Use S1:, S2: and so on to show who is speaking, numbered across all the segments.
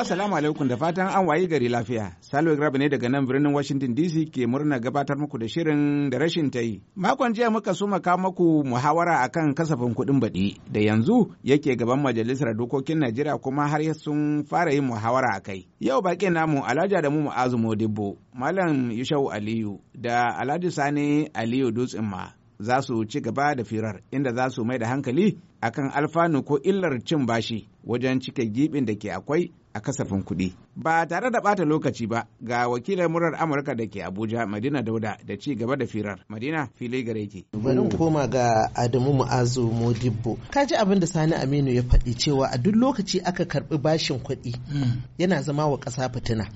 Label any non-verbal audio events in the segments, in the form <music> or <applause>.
S1: Assalamu alaikum da fatan an wayi gari lafiya. Salwa Grab ne daga nan birnin Washington DC ke murna gabatar muku da shirin da rashin ta yi. Makon jiya muka so maka muku muhawara akan kasafin kuɗin baɗi da yanzu yake gaban majalisar dokokin Najeriya kuma har sun fara yin muhawara a kai. Yau baƙi namu Alhaji Adamu Mu'azu dibbo Malam Yushau Aliyu da Alhaji Sani Aliyu Dutsen ma. za su ci gaba da firar inda za su mai da hankali akan alfanu ko illar cin bashi wajen cike gibin da ke akwai a kasafin kuɗi. Ba tare da ɓata lokaci ba ga wakilin murar Amurka da ke Abuja Madina Dauda da ci gaba da firar. Madina fili gare ki. Bari koma ga Adamu Mu'azu
S2: Modibbo. Ka ji abin da Sani Aminu ya faɗi cewa a duk lokaci aka karɓi bashin kuɗi yana zama wa ƙasa fitina.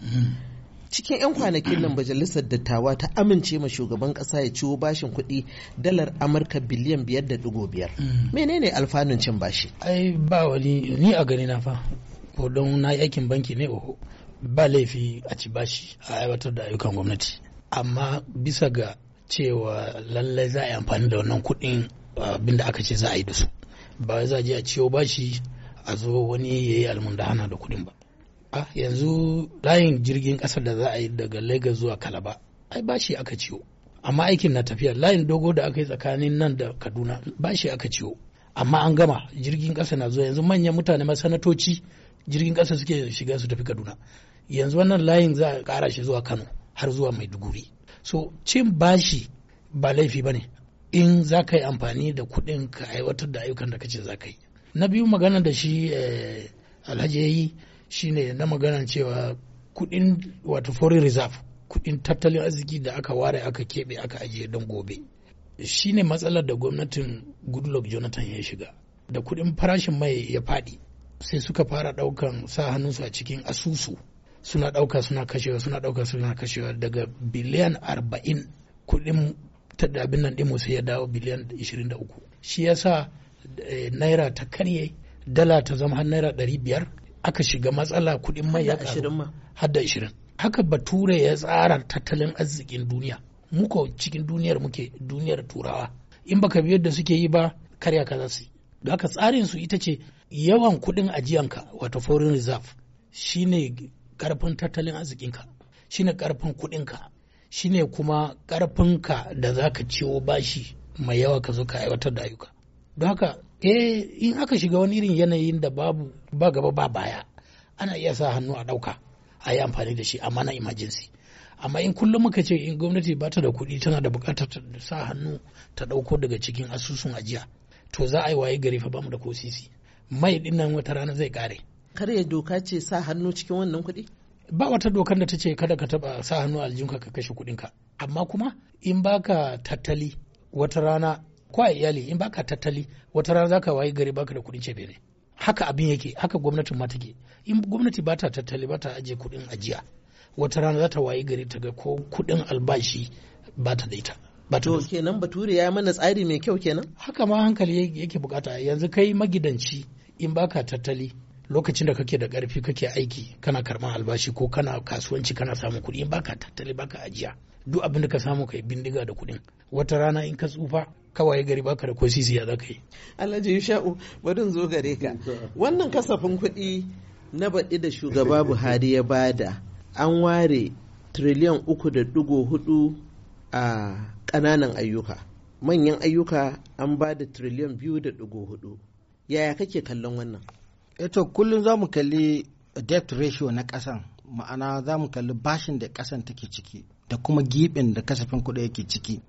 S2: cikin 'yan kwanakin nan majalisar dattawa ta amince ma shugaban ƙasa ya ciwo bashin kuɗi dalar amurka biliyan biyar da dugo biyar mm. menene alfanun cin bashi
S3: ai ba wani ni a gani na fa ko don na yi aikin banki ne oho ba laifi a ci bashi a aiwatar da ayyukan gwamnati amma bisa ga cewa lallai za a yi amfani da wannan kuɗin abin da aka ce za a yi da su ba za a je a ciwo bashi a zo wani ya yi almundahana da kuɗin ba a yanzu layin jirgin ƙasar da za a yi daga lagos zuwa kalaba ai bashi aka ciwo amma aikin na tafiya layin dogo da aka yi tsakanin nan da kaduna bashi aka ciwo. amma an gama jirgin ƙasa na zuwa yanzu manyan mutane masanatoci jirgin ƙasa suke shiga su tafi kaduna yanzu wannan layin za a ƙara shi zuwa kano har zuwa maiduguri so cin bashi ba laifi ba ne in za ka yi amfani da kuɗin ka aiwatar da ayyukan da kace za ka yi na biyu magana da shi eh, alhaji ya yi shi ne na magana cewa kuɗin wato foreign reserve kuɗin tattalin arziki da aka ware aka keɓe aka ajiye don gobe Shi ne matsalar da gwamnatin goodluck jonathan ya shiga da kuɗin farashin mai ya faɗi sai suka fara ɗaukan sa hannunsu a cikin asusu suna ɗauka suna kashewa suna ɗauka suna kashewa daga biliyan arba'in kuɗin abin nan ɗin sai ya dawo biliyan ishirin da uku shi yasa eh, naira ta karye dala ta zama har naira ɗari biyar aka shiga matsala kuɗin mai ya ƙaru har da ishirin haka bature ya tsara tattalin arzikin duniya muka cikin duniyar muke duniyar turawa in baka bi yadda suke yi ba karya ka za su yi haka tsarin su ita ce yawan kuɗin ajiyanka wato foreign reserve shine karfin tattalin arzikinka shine karfin kuɗinka shine kuma karfinka da za ka ciwo bashi mai yawa ka zo ka aiwatar da ayyuka don haka eh in aka shiga wani irin yanayin da babu ba gaba ba baya ana iya sa hannu a ɗauka a yi amfani da shi amma na emergency amma in kullum muka ce in gwamnati ba ta da kuɗi tana da buƙatar ta sa hannu ta ɗauko daga cikin asusun ajiya to za a yi waye gari fa bamu da ko mai din nan wata rana zai kare karya doka ce sa hannu cikin wannan kuɗi ba wata dokar da ta ce kada ka taba sa hannu a aljinka ka kashe kuɗinka amma kuma in baka tattali wata rana ko a iyali in baka tattali wata rana za zaka wayi gari baka da kuɗin cebe ne haka abin yake haka gwamnatin ma take in gwamnati ba ta tattali ba ta ajiye kuɗin ajiya wata rana za ta wayi gari ta ga ko kuɗin albashi ba ta da ita to kenan bature ya mana tsari mai kyau kenan haka ma hankali yake bukata yanzu kai magidanci in baka tattali lokacin da kake da karfi kake aiki kana karban albashi ko kana kasuwanci kana samun kuɗi in baka tattali baka ajiya duk abin da ka samu kai bindiga da kuɗin wata rana in ka tsufa kawai gari baka da ko ya za yi alhaji sha'u barin zo gare ka wannan kasafin kuɗi na baɗi da
S2: shugaba buhari ya bada an ware tiriliyan uku da ɗigo hudu a ƙananan ayyuka manyan ayyuka an ba da triliyan biyu da ɗigo hudu yaya kake kallon wannan eto eh kullum za mu kalli debt ratio na ƙasan ma'ana za mu kalli bashin da ƙasan take ciki da kuma gibin da kasafin kuɗi yake ciki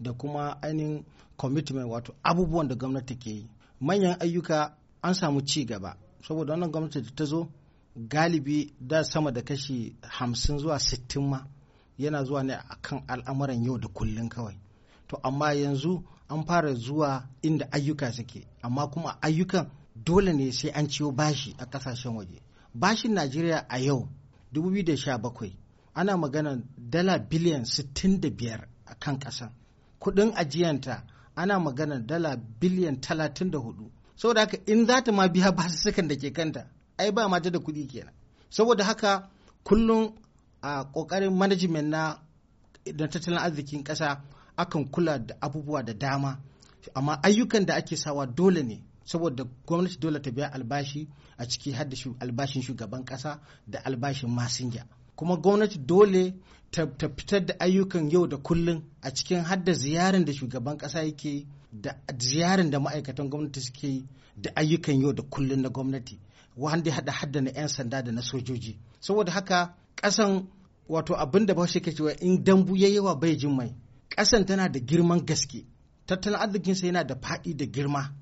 S2: da kuma ainihin commitment wato abubuwan da gwamnati ke yi manyan ayyuka an samu ci gaba saboda wannan gwamnati ta zo galibi da sama da kashi hamsin zuwa sittin ma yana zuwa ne a kan al'amuran yau da kullun kawai to amma yanzu an fara zuwa inda ayyuka suke amma kuma ayyukan dole ne sai an ciyo bashi a kasashen waje bashin najeriya a yau 2017 ana magana dala biliyan 65 a kan ƙasa kudin ajiyanta ana magana dala biliyan 34 saboda haka in za ta ma biya <laughs> sukan da ke kanta ai ba mata da kuɗi kenan saboda haka kullum a kokarin management na da tattalin arzikin kasa akan kula da abubuwa da dama amma ayyukan da ake sawa dole ne saboda gwamnati dole ta biya albashi a ciki har da albashin shugaban kasa da albashin masinja kuma gwamnati dole ta fitar da ayyukan yau da kullun a cikin da ziyarar da shugaban kasa yake da ziyarar da ma'aikatan gwamnati suke da ayyukan yau da kullun na gwamnati wanda hada hada na 'yan sanda da na sojoji saboda haka ƙasan wato abin da bahaushe ke cewa in dambu ya yawa bai jin mai ƙasan tana da girman gaske tattalin arzikinsa yana da faɗi da girma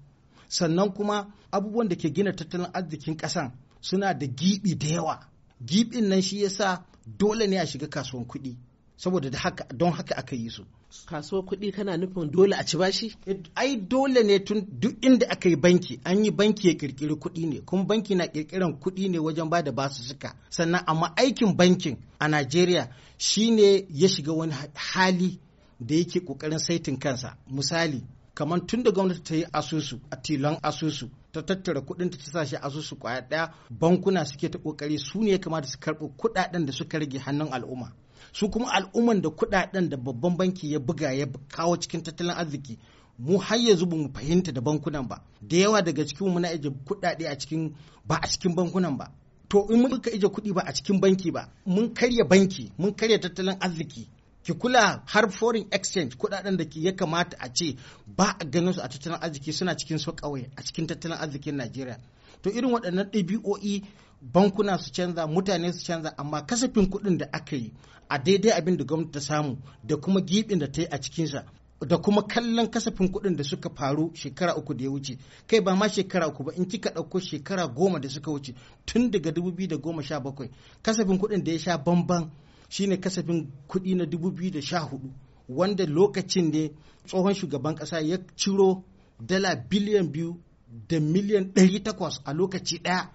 S2: sannan kuma abubuwan da ke gina tattalin arzikin ƙasan suna da giɓi da yawa giɓin nan shi yasa dole ne a shiga kasuwan kuɗi saboda don haka aka yi su kasuwar kuɗi kana nufin dole a ci bashi? ai dole ne tun duk inda aka yi banki an yi banki ya kirkiri kuɗi ne kuma banki na kirkiran kuɗi ne wajen ba da basu suka sannan amma aikin bankin a najeriya shine ya shiga wani hali da yake ƙoƙarin saitin kansa misali kamar tun da gwamnati ta yi asusu a tilon asusu ta tattara kuɗin ta sa shi asusu kwaya ɗaya bankuna suke ta ƙoƙari su ne ya kamata su karɓi kuɗaɗen da suka rage hannun al'umma su kuma al'umman da kudaden da babban banki ya buga ya kawo cikin tattalin arziki mu har yanzu ba mu fahimta da bankunan ba da yawa daga cikin muna ije kudade a cikin ba a cikin bankunan ba to in mun ka ije kudi ba a cikin banki ba mun karya banki mun karya tattalin arziki ki kula har foreign exchange kudaden da ke ya kamata a ce ba a ganin su a tattalin arziki suna cikin su kawai a cikin tattalin arzikin Najeriya to irin waɗannan ɗabi'o'i bankuna su canza mutane su canza amma kasafin kuɗin da aka yi a daidai abin da gwamnati ta samu da kuma gibin da ta yi a cikinsa da kuma kallon kasafin kuɗin da suka faru shekara uku da ya wuce kai ba ma shekara uku ba in kika ɗauko shekara goma da suka wuce tun daga dubu biyu da goma sha bakwai. kasafin kuɗin da ya sha bamban shine kasafin kuɗi na dubu biyu da sha hudu wanda lokacin ne tsohon shugaban ƙasa ya ciro dala biliyan biyu da miliyan ɗari takwas a lokaci ɗaya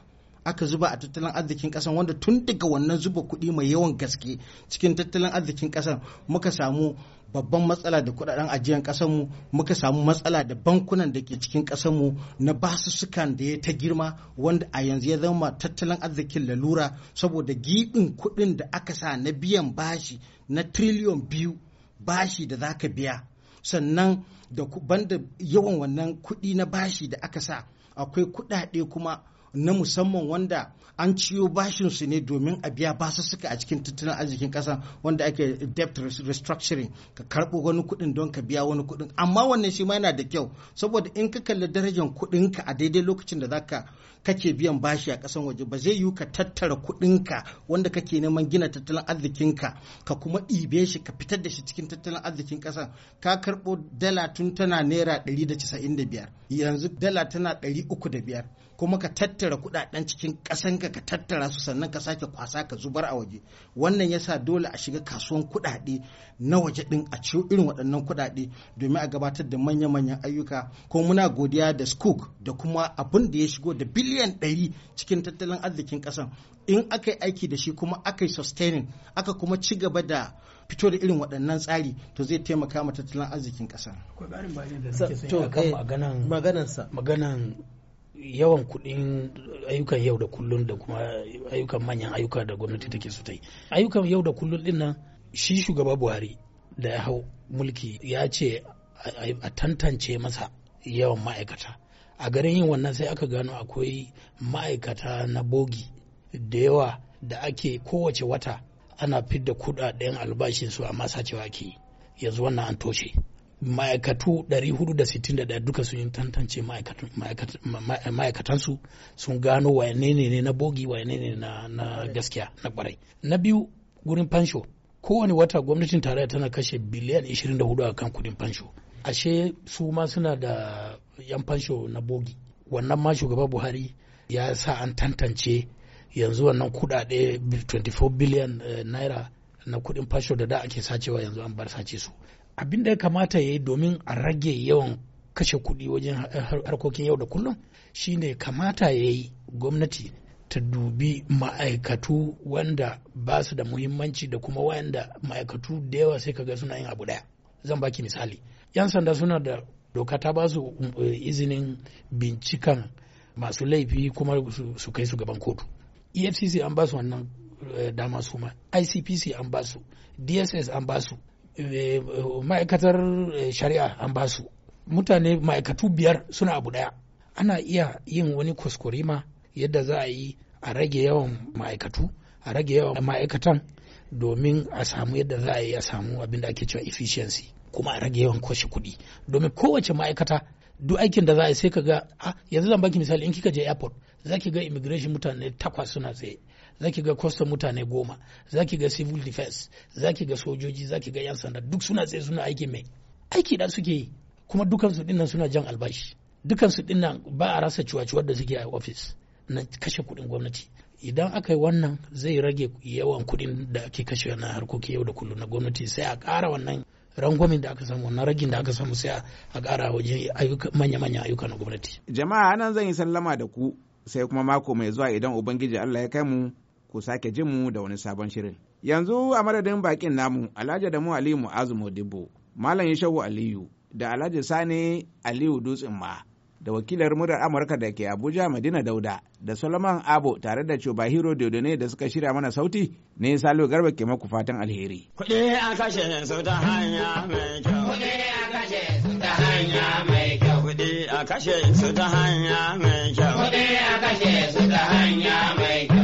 S2: aka zuba a tattalin arzikin kasan wanda tun daga wannan zuba kuɗi mai yawan gaske cikin tattalin arzikin kasan muka samu babban matsala da kudaden ajiyan mu muka samu matsala da bankunan da ke cikin kasan mu na basussukan da ya ta girma wanda a yanzu ya zama tattalin arzikin lalura saboda giɓin kuɗin da aka sa na biyan bashi na triliyon biyu bashi da za ka biya sannan da banda yawan wannan kuɗi na bashi da aka sa akwai kuɗaɗe kuma na musamman wanda an ciyo bashin su ne domin a biya suka a cikin tattalin arzikin kasa wanda ake debt restructuring ka karɓo wani kuɗin don ka biya wani kuɗin amma wannan shi ma yana da kyau saboda in ka kalli darajar kuɗinka a daidai lokacin da zaka kake biyan bashi a kasan waje ba zai yiwu ka tattara kuɗinka wanda kake neman gina tattalin arzikinka ka kuma ibe shi ka fitar da shi cikin tattalin arzikin kasa ka karɓo dala tun tana naira biyar yanzu dala tana ɗari uku da biyar. kuma ka tattara kudaden cikin kasan ka tattara su sannan ka sake kwasa ka zubar a waje wannan yasa dole a shiga kasuwan kudade na waje din a ciwo irin waɗannan kudade domin a gabatar da manya-manyan ayyuka ko muna godiya da skook da kuma abin da ya shigo da biliyan ɗari cikin tattalin arzikin kasan in aka yi aiki da shi kuma aka yi sustaining aka kuma ci gaba da fito da irin waɗannan tsari to zai taimaka ma tattalin arzikin ƙasa.
S3: yawan kuɗin ayyukan yau da kullun da kuma ayyukan manyan ayyuka da gwamnati take su ta yi ayyukan yau da kullun din nan shi shugaba buhari da ya hau mulki ya ce a tantance masa yawan ma'aikata a garin yin wannan sai aka gano akwai ma'aikata na bogi da yawa da ake kowace wata ana fidda kudaden albashinsu amma sacewa ke yanzu wannan an toshe ma'aikatu 461 duka sun yi tantance ma'aikatansu sun gano wane ne na bogi wane ne na gaskiya na kwarai na biyu gurin fansho kowane wata gwamnatin tarayya tana kashe biliyan 24 a kan kudin fansho ashe su ma suna da yan fansho na bogi wannan ma shugaba buhari ya sa an tantance yanzu wannan kudade 24 biliyan naira na kudin fansho da da ake sacewa yanzu an bar sace su abin da ya kamata ya yi domin a rage yawan kashe kuɗi wajen harkokin yau da kullum shi ne kamata ya yi gwamnati ta dubi ma'aikatu wanda ba su da muhimmanci da kuma wanda ma'aikatu da yawa sai kaga suna yin abu daya zan baki misali yan sanda suna da doka ta ba su eh, izinin bincikan masu laifi kuma su kai su gaban kotu efcc an ba su wannan eh, dama su ma icpc an ba su dss an ba su Eh, ma'aikatar eh, shari'a an ba su mutane ma'aikatu biyar suna abu daya ana iya yin wani kuskurima yadda za a yi a rage yawan ma'aikatu a rage yawan ma'aikatan domin a samu yadda za a yi a samu abin ake cewa efficiency kuma a rage yawan kwashe kuɗi domin kowace ma'aikata duk aikin da za a yi sai ka ga a ah, yanzu zan baki misali in kika je airport za ki ga immigration mutane takwas suna tsaye za ga custom mutane goma za ga civil defense za ga sojoji za ki ga yan sanda duk suna tsaye suna aiki mai aiki da suke yi kuma su dinnan suna jan albashi su dinnan ba a rasa ciwaciwar da suke a office na kashe kuɗin gwamnati idan aka yi wannan zai rage yawan kuɗin da ake kashe na harkokin yau da kullum na gwamnati sai a ƙara wannan rangwamin da aka samu wannan ragin da aka samu sai a ƙara wajen manya-manyan ayyuka na gwamnati.
S1: Jama'a anan zan yi sallama da ku sai kuma mako mai zuwa idan Ubangiji Allah ya kai mu ku sake jin mu da wani sabon shirin. Yanzu a madadin bakin namu Alhaji da mu Aliyu Mu'azu dibbo Malam Yashawu Aliyu da Alhaji Sani Aliyu Dutsen ma da wakilar murar amurka da ke abuja madina dauda da solomon abo tare da chubahiro dodone da suka shirya mana sauti ne salo garba ke maku fatan alheri
S3: kuɗi a kashe su ta
S1: hanya mai kyau kuɗi a kashe su ta
S3: hanya mai kyau kuɗi a kashe su ta hanya mai kyau kuɗi a kashe su ta hanya mai kyau